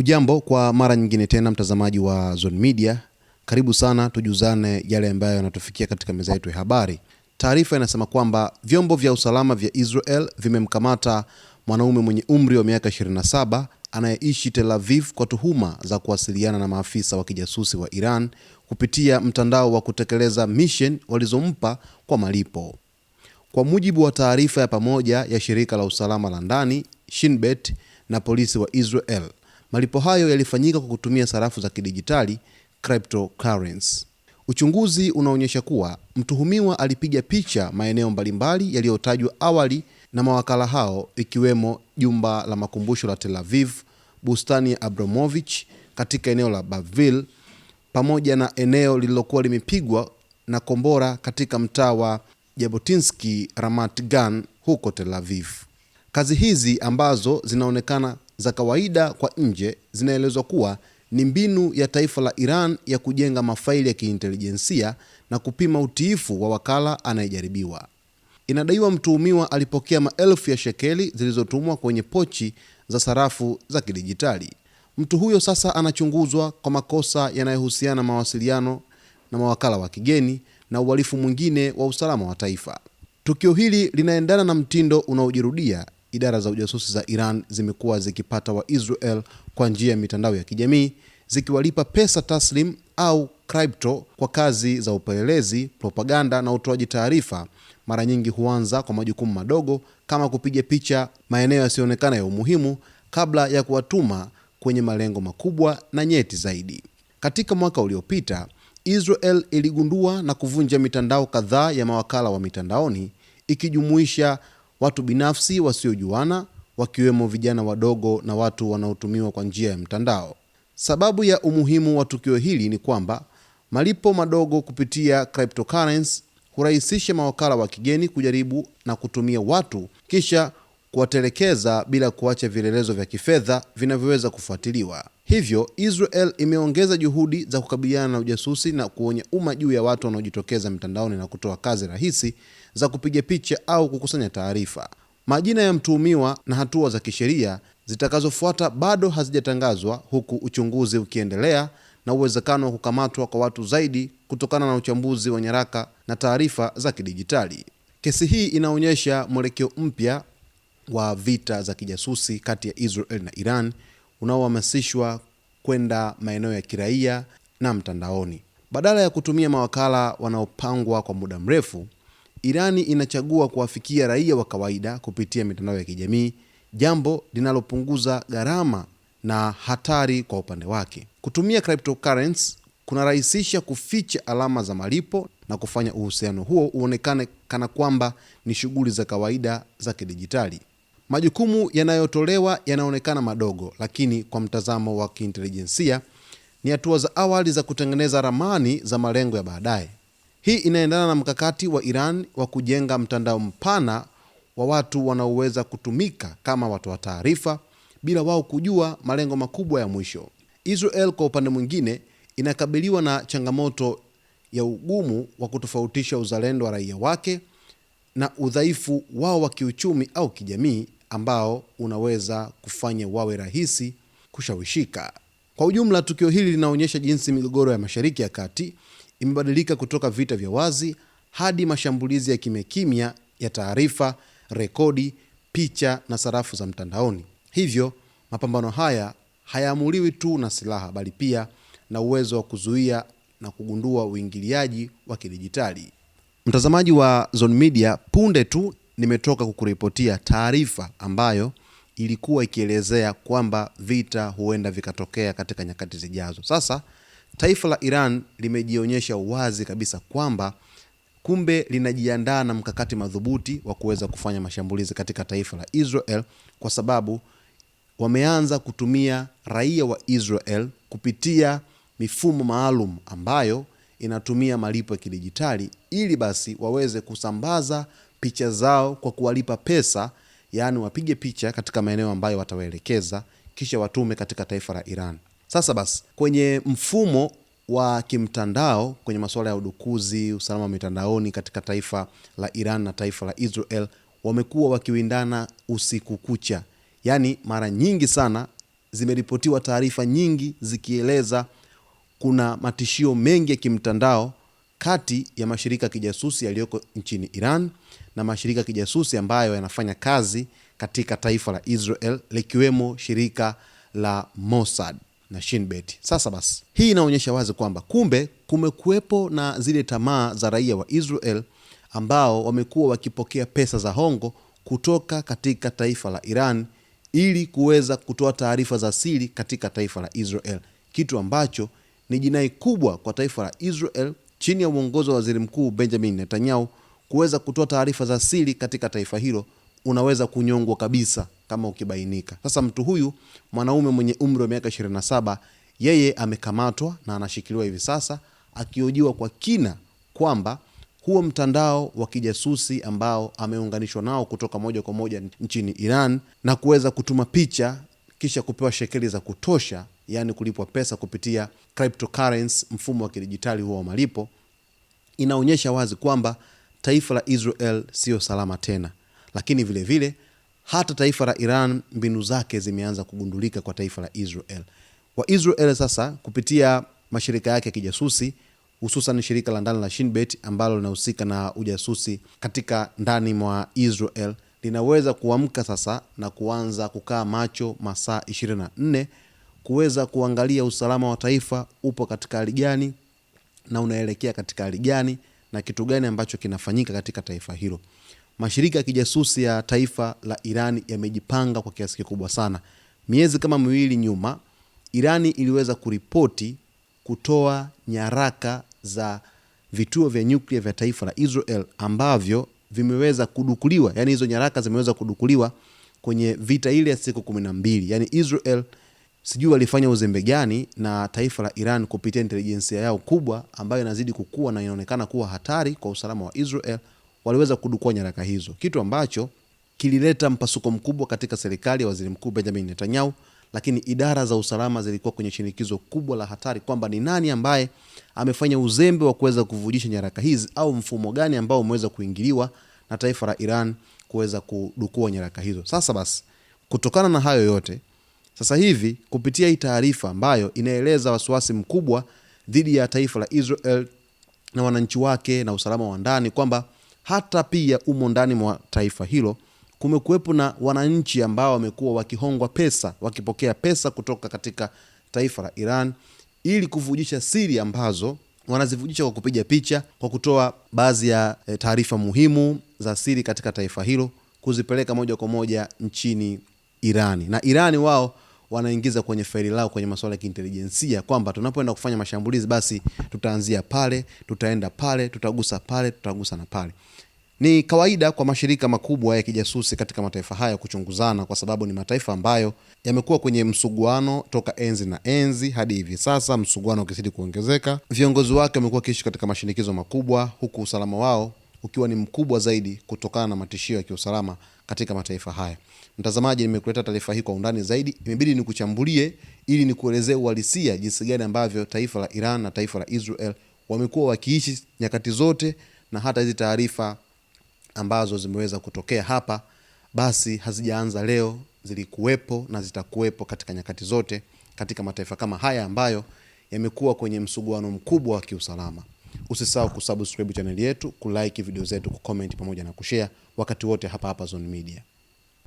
Hujambo kwa mara nyingine tena, mtazamaji wa Zone Media, karibu sana, tujuzane yale ambayo yanatufikia katika meza yetu ya habari. Taarifa inasema kwamba vyombo vya usalama vya Israel vimemkamata mwanaume mwenye umri wa miaka 27 anayeishi Tel Aviv kwa tuhuma za kuwasiliana na maafisa wa kijasusi wa Iran kupitia mtandao wa kutekeleza mission walizompa kwa malipo. Kwa mujibu wa taarifa ya pamoja ya shirika la usalama la ndani Shinbet na polisi wa Israel, Malipo hayo yalifanyika kwa kutumia sarafu za kidijitali cryptocurrency. Uchunguzi unaonyesha kuwa mtuhumiwa alipiga picha maeneo mbalimbali yaliyotajwa awali na mawakala hao ikiwemo jumba la makumbusho la Tel Aviv, bustani ya Abramovich katika eneo la Baville pamoja na eneo lililokuwa limepigwa na kombora katika mtaa wa Jabotinsky Ramat Gan huko Tel Aviv. Kazi hizi ambazo zinaonekana za kawaida kwa nje zinaelezwa kuwa ni mbinu ya taifa la Iran ya kujenga mafaili ya kiintelijensia na kupima utiifu wa wakala anayejaribiwa. Inadaiwa mtuhumiwa alipokea maelfu ya shekeli zilizotumwa kwenye pochi za sarafu za kidijitali. Mtu huyo sasa anachunguzwa kwa makosa yanayohusiana na mawasiliano na mawakala wa kigeni na uhalifu mwingine wa usalama wa taifa. Tukio hili linaendana na mtindo unaojirudia idara za ujasusi za Iran zimekuwa zikipata Waisrael kwa njia ya mitandao ya kijamii zikiwalipa pesa taslim au crypto kwa kazi za upelelezi, propaganda na utoaji taarifa. Mara nyingi huanza kwa majukumu madogo kama kupiga picha maeneo yasiyoonekana ya umuhimu kabla ya kuwatuma kwenye malengo makubwa na nyeti zaidi. Katika mwaka uliopita, Israel iligundua na kuvunja mitandao kadhaa ya mawakala wa mitandaoni ikijumuisha watu binafsi wasiojuana, wakiwemo vijana wadogo na watu wanaotumiwa kwa njia ya mtandao. Sababu ya umuhimu wa tukio hili ni kwamba malipo madogo kupitia cryptocurrency hurahisisha mawakala wa kigeni kujaribu na kutumia watu kisha kuwatelekeza bila kuacha vielelezo vya kifedha vinavyoweza kufuatiliwa. Hivyo, Israel imeongeza juhudi za kukabiliana na ujasusi na kuonya umma juu ya watu wanaojitokeza mtandaoni na kutoa kazi rahisi za kupiga picha au kukusanya taarifa. Majina ya mtuhumiwa na hatua za kisheria zitakazofuata bado hazijatangazwa huku uchunguzi ukiendelea na uwezekano wa kukamatwa kwa watu zaidi kutokana na uchambuzi wa nyaraka na taarifa za kidijitali. Kesi hii inaonyesha mwelekeo mpya wa vita za kijasusi kati ya Israel na Iran unaohamasishwa kwenda maeneo ya kiraia na mtandaoni. Badala ya kutumia mawakala wanaopangwa kwa muda mrefu, Irani inachagua kuwafikia raia wa kawaida kupitia mitandao ya kijamii, jambo linalopunguza gharama na hatari kwa upande wake. Kutumia cryptocurrency kunarahisisha kuficha alama za malipo na kufanya uhusiano huo uonekane kana kwamba ni shughuli za kawaida za kidijitali. Majukumu yanayotolewa yanaonekana madogo, lakini kwa mtazamo wa kiintelijensia ni hatua za awali za kutengeneza ramani za malengo ya baadaye. Hii inaendana na mkakati wa Iran wa kujenga mtandao mpana wa watu wanaoweza kutumika kama watoa taarifa bila wao kujua malengo makubwa ya mwisho. Israel kwa upande mwingine inakabiliwa na changamoto ya ugumu wa kutofautisha uzalendo wa raia wake na udhaifu wao wa kiuchumi au kijamii ambao unaweza kufanya wawe rahisi kushawishika. Kwa ujumla, tukio hili linaonyesha jinsi migogoro ya Mashariki ya Kati imebadilika kutoka vita vya wazi hadi mashambulizi ya kimya kimya ya taarifa, rekodi, picha na sarafu za mtandaoni. Hivyo, mapambano haya hayaamuliwi tu na silaha bali pia na uwezo wa kuzuia na kugundua uingiliaji wa kidijitali. Mtazamaji wa Zone Media, punde tu nimetoka kukuripotia taarifa ambayo ilikuwa ikielezea kwamba vita huenda vikatokea katika nyakati zijazo. Sasa taifa la Iran limejionyesha wazi kabisa kwamba kumbe linajiandaa na mkakati madhubuti wa kuweza kufanya mashambulizi katika taifa la Israel kwa sababu wameanza kutumia raia wa Israel kupitia mifumo maalum ambayo inatumia malipo ya kidijitali ili basi waweze kusambaza picha zao kwa kuwalipa pesa, yaani wapige picha katika maeneo ambayo watawaelekeza kisha watume katika taifa la Iran. Sasa basi, kwenye mfumo wa kimtandao kwenye masuala ya udukuzi, usalama wa mitandaoni katika taifa la Iran na taifa la Israel wamekuwa wakiwindana usiku kucha. Yaani mara nyingi sana zimeripotiwa taarifa nyingi zikieleza kuna matishio mengi ya kimtandao kati ya mashirika ya kijasusi yaliyoko nchini Iran na mashirika ya kijasusi ambayo yanafanya kazi katika taifa la Israel likiwemo shirika la Mossad na Shin Bet. Sasa basi, hii inaonyesha wazi kwamba kumbe kumekuwepo na zile tamaa za raia wa Israel ambao wamekuwa wakipokea pesa za hongo kutoka katika taifa la Iran ili kuweza kutoa taarifa za siri katika taifa la Israel, kitu ambacho ni jinai kubwa kwa taifa la Israel chini ya uongozi wa waziri mkuu Benjamin Netanyahu kuweza kutoa taarifa za siri katika taifa hilo, unaweza kunyongwa kabisa kama ukibainika. Sasa mtu huyu mwanaume mwenye umri wa miaka 27 yeye amekamatwa na anashikiliwa hivi sasa akihojiwa kwa kina kwamba huo mtandao wa kijasusi ambao ameunganishwa nao kutoka moja kwa moja nchini Iran na kuweza kutuma picha kisha kupewa shekeli za kutosha yani kulipwa pesa kupitia cryptocurrency, mfumo wa kidijitali huo wa malipo, inaonyesha wazi kwamba taifa la Israel siyo salama tena, lakini vile vile hata taifa la Iran mbinu zake zimeanza kugundulika kwa taifa la Israel. Waisrael sasa kupitia mashirika yake ya kijasusi hususan shirika la ndani la Shinbet ambalo linahusika na ujasusi katika ndani mwa Israel linaweza kuamka sasa na kuanza kukaa macho masaa 24 kuweza kuangalia usalama wa taifa upo katika hali gani na unaelekea katika hali gani na kitu gani ambacho kinafanyika katika taifa hilo. Mashirika ya kijasusi ya taifa la iran yamejipanga kwa kiasi kikubwa sana. Miezi kama miwili nyuma, Irani iliweza kuripoti kutoa nyaraka za vituo vya nyuklia vya taifa la Israel ambavyo vimeweza kudukuliwa, yani hizo nyaraka zimeweza kudukuliwa kwenye vita ile ya siku kumi na mbili, yani Israel sijui walifanya uzembe gani na taifa la Iran kupitia intelijensia yao kubwa ambayo inazidi kukua na inaonekana kuwa hatari kwa usalama wa Israel, waliweza kudukua nyaraka hizo, kitu ambacho kilileta mpasuko mkubwa katika serikali ya waziri mkuu Benjamin Netanyahu. Lakini idara za usalama zilikuwa kwenye shinikizo kubwa la hatari kwamba ni nani ambaye amefanya uzembe wa kuweza kuvujisha nyaraka hizi au mfumo gani ambao umeweza kuingiliwa na taifa la Iran kuweza kudukua nyaraka hizo. Sasa basi, kutokana na hayo yote sasa hivi kupitia hii taarifa ambayo inaeleza wasiwasi mkubwa dhidi ya taifa la Israel na wananchi wake na usalama wa ndani, kwamba hata pia umo ndani mwa taifa hilo kumekuwepo na wananchi ambao wamekuwa wakihongwa pesa, wakipokea pesa kutoka katika taifa la Iran ili kuvujisha siri ambazo wanazivujisha kwa kupiga picha, kwa kutoa baadhi ya eh, taarifa muhimu za siri katika taifa hilo, kuzipeleka moja kwa moja nchini Irani na Irani wao wanaingiza kwenye faili lao kwenye masuala ya kiintelijensia kwamba tunapoenda kufanya mashambulizi basi tutaanzia pale, tutaenda pale, tutagusa pale, tutagusa na pale. Ni kawaida kwa mashirika makubwa ya kijasusi katika mataifa haya kuchunguzana, kwa sababu ni mataifa ambayo yamekuwa kwenye msuguano toka enzi na enzi hadi hivi sasa, msuguano ukizidi kuongezeka. Viongozi wake wamekuwa kiishi katika mashinikizo makubwa, huku usalama wao ukiwa ni mkubwa zaidi kutokana na matishio ya kiusalama katika mataifa haya. Mtazamaji, nimekuleta taarifa hii kwa undani zaidi, imebidi nikuchambulie ili nikuelezee uhalisia jinsi gani ambavyo taifa la Iran na taifa la Israel wamekuwa wakiishi nyakati zote, na hata hizi taarifa ambazo zimeweza kutokea hapa basi hazijaanza leo, zilikuwepo na zitakuwepo katika nyakati zote katika mataifa kama haya ambayo yamekuwa kwenye msuguano mkubwa wa kiusalama. Usisahau kusubscribe chaneli yetu, kulike video zetu, kucomment pamoja na kushare wakati wote hapa hapa Zone Media.